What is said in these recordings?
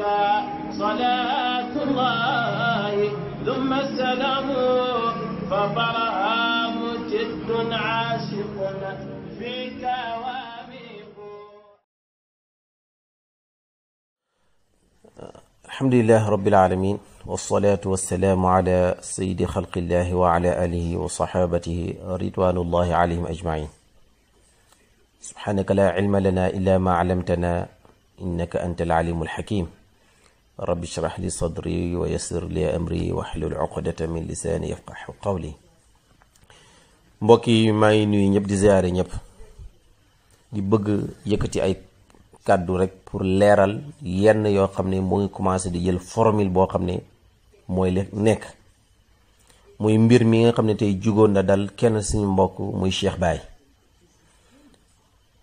عليك صلاة الله ثم السلام فطرها مجد عاشق فيك واميق الحمد لله رب العالمين والصلاة والسلام على سيد خلق الله وعلى آله وصحابته رضوان الله عليهم أجمعين سبحانك لا علم لنا إلا ما علمتنا إنك أنت العليم الحكيم rabbi shrah li sadri wa yassir li amri wahlul uqdata min lisaani yafqahu qawli mbokk yi maa ngi nuyu ñëpp di ziyaare ñëpp di bëgg yëkkati ay kàddu rek pour leeral yenn yoo xam ne mu ngi commencé di jël formule boo xam ne mooy le nekk muy mbir mi nga xam ne tey jugoon na dal kenn suñu mbokk muy Cheikh baay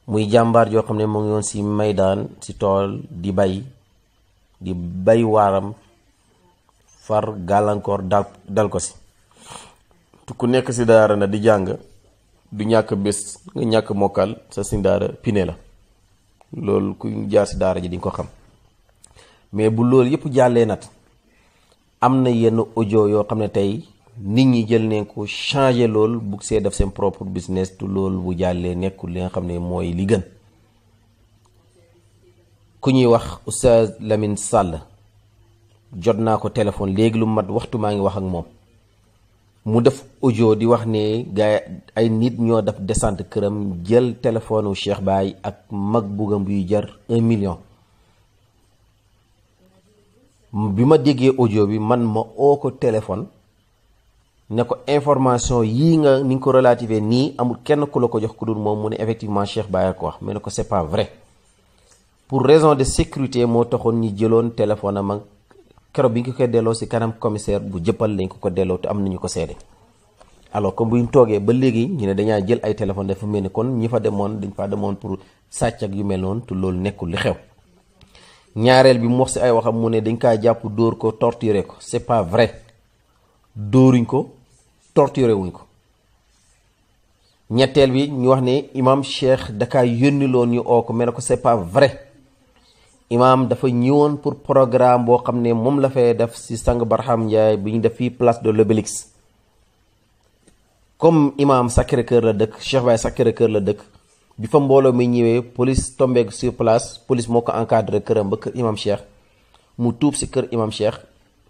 muy jàmbaar yoo xam ne mu ngi woon si daan si tool di bay di bay waaram far gàllankoor dal dal ko si tu ku nekk si daara na di jàng du ñàkk bés nga ñàkk mokkal sa si daara pine la loolu ku jaar si daara ji di nga ko xam mais bu loolu yëpp jàllee nat am na yenn ojo yoo xam ne tey nit ñi jël nañ ko changé loolu bu see def seen propre business tu loolu bu jàllee nekkul li nga xam ne mooy li gën ku ñuy wax Oustaz Lamine Sall jot naa ko téléphone léegi lu mat waxtu maa ngi wax ak moom mu def audio di wax ni gaay ay nit ñoo def descente këram jël téléphone u Cheikh ak mag bugam buy jar un million bi ma déggee audio bi man ma oo ko téléphone ne ko information yii nga ni nga ko relativé nii amul kenn ku la ko jox ku dul moom mu ne effectivement Cheikh Baye ko wax mais ne ko c'est pas vrai pour raison de sécurité moo taxoon ñu jëloon téléphone am ak keroog bi ñu koy delloo si kanam commissaire bu jëppal lañ ko ko delloo te am ñu ko seede alors comme bu ñu toogee ba léegi ñu ne dañaa jël ay téléphone dafa mel ni kon ñi fa demoon dañ fa demoon pour sàcc ak yu mel noonu te loolu nekkul li xew ñaareel bi mu si ay waxam mu ne dañ kaa jàpp dóor ko torturer ko c'est pas vrai dóoruñ ko torturer wuñ ko ñetteel bi ñu wax ne imam Cheikh dakaa yónni loon ñu oo ko mel ne ko c'est pas vrai imaam dafa ñëwoon pour programme boo xam ne moom la fee def ci sang Barham Ndiaye bi ñu def fii place de l'Obélisque comme imaam Sacré-Cœur la dëkk Cheikh Baye sacré kër la dëkk bi fa mbooloo mi ñëwee police tombé sur place police moo ko encadré këram ba kër imaam Cheikh mu tuub si kër imaam Cheikh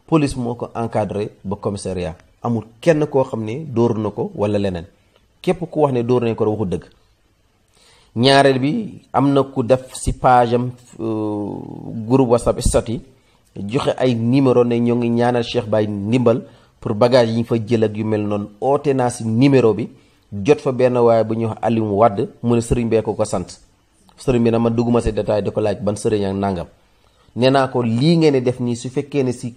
police moo ko encadré ba commissariat amul kenn koo xam ne dóor na ko walla leneen képp ku wax ne dóor nañ ko waxu dëgg. ñaareel bi am na ku def si paajam am euh, groupe whatsapp statut joxe ay numéro ne ñoo ngi ñaanal Cheikh Baye ndimbal pour bagage yi ñu fa jëlak yu mel noonu oote naa si numéro bi jot fa benn waaye bu ñuy wax Aliou Wade mu ne sëriñ bee ko sant sëriñ bi na ma dugguma si détail di ko laaj ban sëriñ ak nangam nee naa ko lii ngeen di def nii su fekkee ne si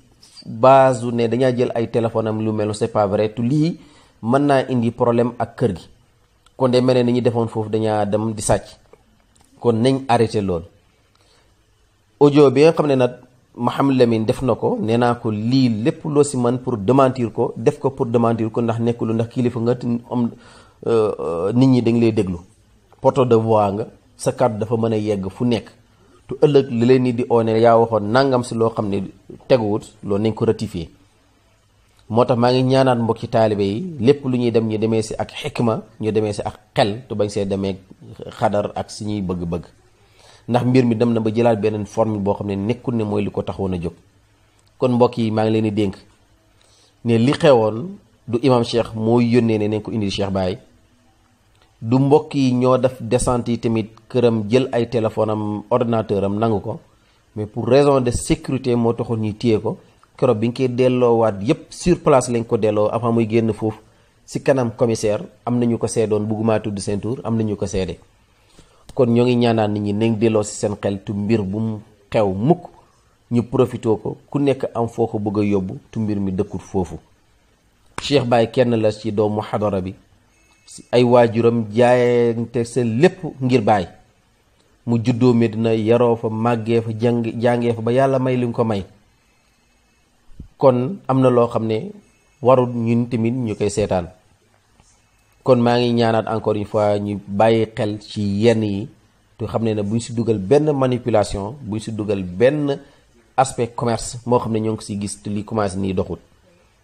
base ne dañaa jël ay téléphone lu mel c'est pas vrai lii mën naa indi problème ak kër gi. kon day mel ne defoon foofu dañaa dem di sàcc kon nañ arrêté lool ojo bi nga xam ne nag ma xam Lamine def na ko nee naa ko lii lépp loo si man pour démentir ko def ko pour démentir ko ndax nekkul ndax kilifa nga am euh, euh, nit ñi dañ lay déglu porte de voix nga sa kàddu dafa mën a yegg fu nekk te ëllëg li leen ni di oone yaa waxoon nangam si loo xam ne teguwut loolu nañ ko ratifié moo tax maa ngi ñaanaat mbokki taalibe yi lépp lu ñuy dem ñu demee si ak xikma ñu demee si ak xel tu see demee xadar ak si ñuy bëgg-bëgg ndax mbir mi dem na ba jëlaat beneen forme boo xam ne nekkul ne mooy li ko taxawoon a jóg kon mbokk yi maa ngi leen di dénk ne li xewoon du imam cheikh moo yónnee ne nañ ko indi cheikh Baye du mbokk yi ñoo def descente yi tamit këram jël ay téléphone am ordinateur am nangu ko mais pour raison de sécurité moo taxoon ñuy téye ko keroog bi nga koy delloowaat yépp sur place lañ ko delloo avant muy génn foofu si kanam commissaire am nañu ko seedoon bëgguma tudd seen tur am nañu ko seede kon ñoo ngi ñaanaan nit ñi nañ delloo si seen xel tu mbir bu mu xew mukk ñu profitoo ko ku nekk am foo ko bëgg a yóbbu tu mbir mi dëkkut foofu Cheikh Baye kenn la ci doomu xadara bi si ay waajuram jaayante seen lépp ngir Baye mu juddoo Medina yaroo fa màggee fa jàng jàngee fa ba yàlla may li nga ko may kon am na loo xam ne warul ñun tamit ñu koy seetaan kon maa ngi ñaanaat encore une fois ñu bàyyi xel ci yenn yi te xam ne ne buñ si dugal benn manipulation buñ si dugal benn aspect commerce moo xam ne ñoo ngi si gis te li commencé nii doxut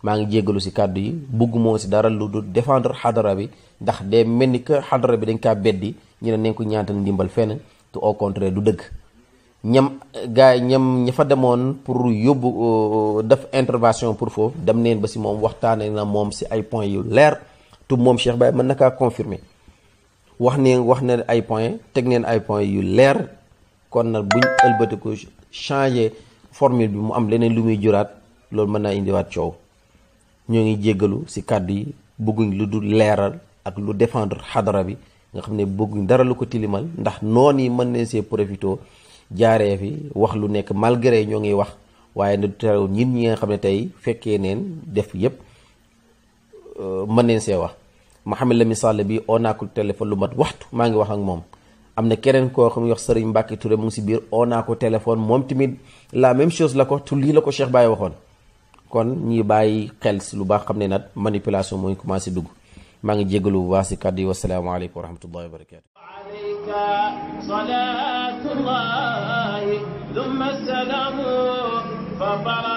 maa ngi jéggalu si kàddu yi buggumoo si dara lu du défendre xadara bi ndax day mel ni que xadara bi dañ kaa beddi ñu ne nañ ko ñaantal ndimbal fenn te au contraire du dëgg ñam gaay ñam ña fa demoon pour yóbbu euh, euh, def intervention pour foofu dem neen ba si moom waxtaanee na moom si ay points yu leer tu moom Cheikh Baye mën na kaa confirmer wax ne wax na ay points teg neen ay points yu leer kon nag buñ ëlbati ko changer formule bi mu am leneen lu muy juraat loolu mën naa indiwaat coow ñoo ngi jéggalu si kàddu yi bëgguñ lu dul leeral ak lu défendre xadara bi nga xam ne bëgguñ dara lu ko tilimal ndax noon yi mën nañ see profito jaaree fi wax lu nekk malgré ñoo ngi wax waaye na terewul ñi nga xam ne tey fekkee neen def yépp euh, mën neen see wax Mouhamed Lamine Sall bi oo naa ko téléphone lu mat waxtu maa ngi wax ak moom am na keneen koo xam wax Serigne Mbacke Touré mu ngi si biir oo naa ko téléphone moom tamit la même chose la ko tu lii la ko Cheikh bàyyi waxoon kon ñi bàyyi xel si lu baax xam ne nag manipulation mooy commencé dugg maa ngi jégalu bu baax si kàddu yi wasalaamaaleykum wa ربنا